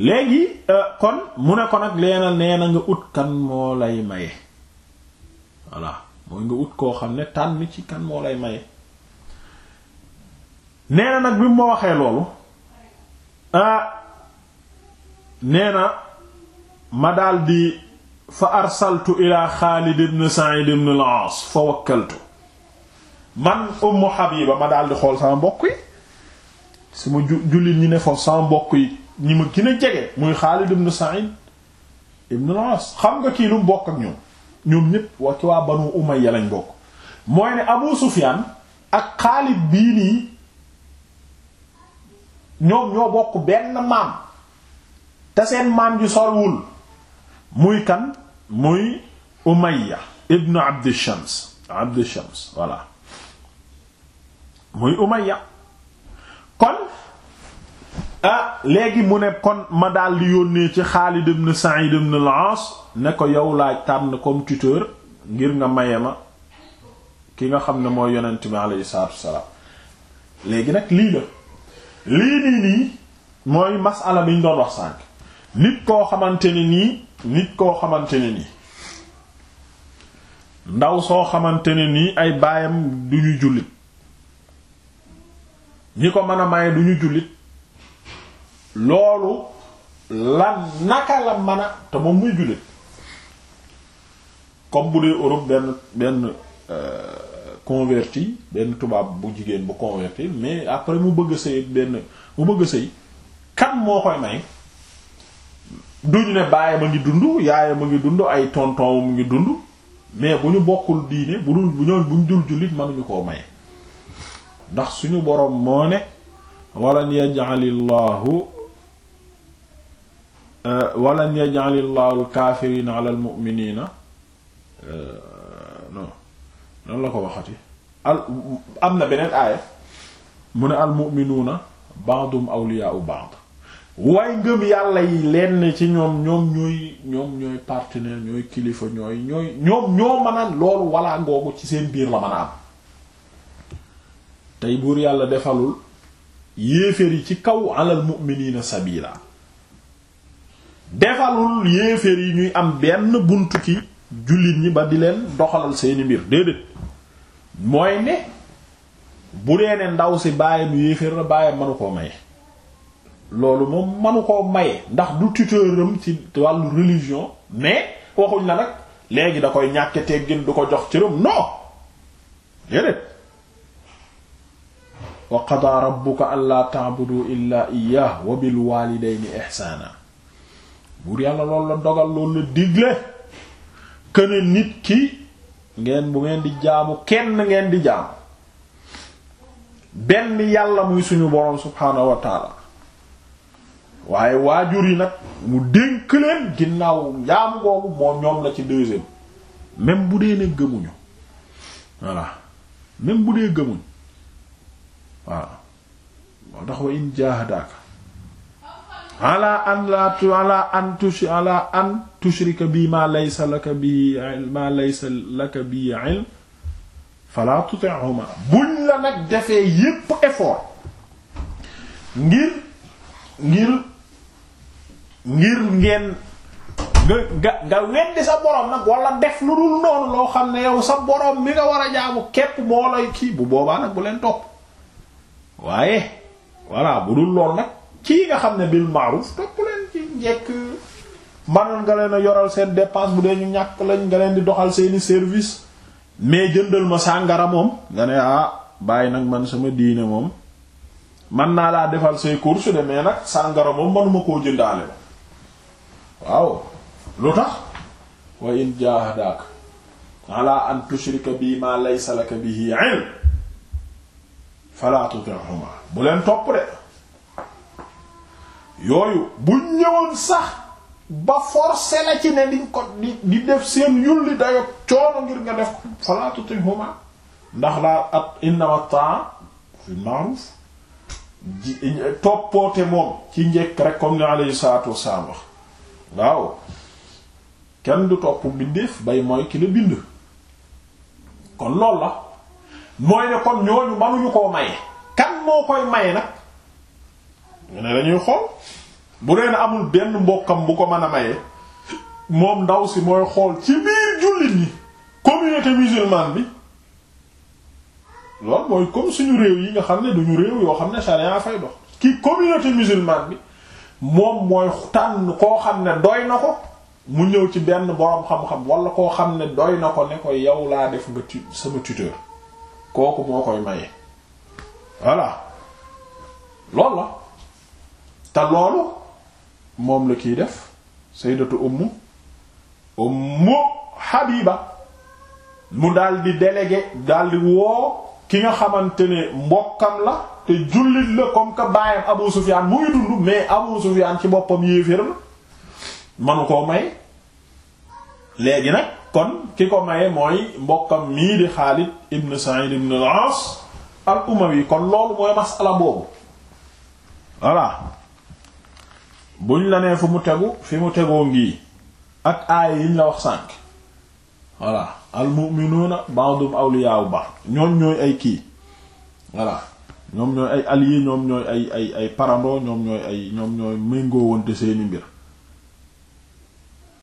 léegi euh, kon mu ne ko nag leena nee na nga ut kan moo lay maye voilà mooy nga ut koo xam ne tànn ci kan moo lay maye neena nag bi mu ma waxee loolu ah nee na ma daldi fa arsaltu ila Xaalid ibn Sa'id ibn al-Aas fa wakkaltu man Ummu Habiba ma daldi xool sama mbokk yi su ma jullit ñi ne foofu sama mbokk yi ñi ma gën a jege muy Xaalid ibn Sa'id ibn al xam nga kii lu mu bokk ak ñoom ñépp waa ci waa Banu Umayya lañ bokk mooy ne Abu Sufyaan ak Xaalid bii nii ñoom ñoo bokk benn maam te seen maam ji sorwul muy kan muy Umayya ibn Abd Shams Abd Shams voilà muy Umayya kon Ah, léegi mu ne kon ma daal yónnee ci Xaalid ibn Sa'id ibn al-Aas ne ko yow laaj tànn comme tuteur ngir nga maye ma ki nga xam ne mooy yonent bi alayhi salaatu wassalaam léegi nag lii la lii nii nii mooy masala wax sànk nit koo xamante ne nii nit koo xamante ne nii ndaw soo xamante ne nii ay baayam du ñu jullit ñi ko mën a maye du ñu jullit loolu la naka la mën a te moom muy jullit comme bu dee Europe benn benn euh, converti benn tubaab bu jigéen bu converti mais après mu bëgg a sëy benn mu bëgg sëy kan moo koy may duñu ne baayam a ngi dund yaayam a ngi dund ay tonton mu ngi dund mais bu ñu bokkul diine bu dul bu ñoon bu ñu dul jullit mënuñu koo maye ndax suñu boroom moo ne walan yaj'alillahu Euh, walla yaj'al Allahu al-kaafiriina muminiina euh, noonu la ko waxati al am na beneen aaya mu ne al-mu'minuuna ba'duhum awliyaa'u ba'd waaye ngëm yàlla yi lenn ci ñoom ñoom ñooy ñoom ñooy partenaire ñooy kilifa ñooy ñooy ñoom ñoo mën a loolu walaa ngoogu ci seen biir la mën a tey buur yàlla defalul yéeféer yi ci kaw alal mu'miniina sabiila defalul yéeféer yi ñuy am benn buntu ci jullit ñi ba di leen doxalal seeni mbir déedéet mooy ne bu dee ne ndaw si baayam yéeféer la baayam manu koo maye loolu moom manu koo maye ndax du tuteuram ci wàllu religion mais waxuñ la nag léegi da koy ñàkke teggin du ko jox cëram non déedéet wa qadaa rabbuka allaa ta'budu illaa iyyaahu wa bil waalidayni ihsaana buur yàlla loolu la dogal loolu la digle këne nit ki ngeen bu ngeen di jaamu kenn ngeen di jaamu benn yàlla muy suñu boroom subhaanahu wa waaye waajur yi nag mu dénk leen ginnaaw jaamu googu moom ñoom la ci deuxième même bu dee ne gëmuñu voilà même bu dee gëmuñ waaw moo tax wa in jaahadaaka ala an la ala an tush ala an tushrika bi ma laysa laka bi ilm ma laysa laka bi ilm fala tuti'huma buñ la nag defee yépp effort ngir ngir ngir ngeen nga nga nga weddi sa borom nag wala def lu dul noonu loo xam ne yow sa borom mi nga war a jaamu képp moo lay kii bu boobaa nag bu leen topp waaye voilà bu dul lool nag kii nga xam ne bil ma'ruf topp leen ci njekk manoon nga leen a yoral seen dépense bu dee ñu ñàkk lañ nga leen di doxal seeni service mais jëndal ma sàngara moom nga ne ah bàyyi nag man sama diine moom man naa laa defal say course de mais nag sàngara moom manuma koo jëndaale la waaw lu tax wa in jahadaka ala an tushrika bi ma laysa laka bihi ilm fala tuti'huma bu leen topp de yooyu bu ñëwoon sax ba forcé la ci ne di ko di def seen yulli dayo coono ngir nga def ko falaatu tuñ huma ndax laa at innama taa toppoote moom ci njekk rek comme ni alayhi salaatu wassalaam waaw kenn du topp bindeef bay mooy ki la bind kon loolu la mooy ne kon ñooñu manuñu koo maye kan moo koy maye nag ñu ne dañuy xool bu dee amul benn mbokkam bu ko mën a maye moom ndaw si mooy xool ci biir jullit ñi communauté musulmane bi loolu mooy comme suñu réew yi nga xam ne duñu réew yoo xam ne charia fay dox ki communauté musulmane bi moom mooy tànn koo xam ne doy na ko mu ñëw ci benn boroom xam-xam wala koo xam ne doy na ko ne ko yow laa def nga tu sama tuteur kooku moo koy maye voilà loolu la te loolu moom la kiy def sayyidatu ummu ummu habiba mu daal di délégué daal di woo ki nga xamante ne mbokkam la te jullit la comme que baayam Abu Sufyaan mu ngi mais Abu Sufyaan ci boppam yéeféer la manu koo may léegi nag kon ki ko maye mooy mbokkam mii di Xaalid ibn Sa'id ibn al-As al kon loolu mooy masala boobu voilà buñ la nee fu mu tegu fi mu tegoo ngi ak aaya yiñ la wax sànk voilà al mu'minuuna ba'dum awliyaa'u ba'd ñoom ñooy ay kii voilà ñoom ñooy ay alliés ñoom ñooy ay ay ay parando ñoom ñooy ay ñoom ñooy méngoo wonte seeni mbir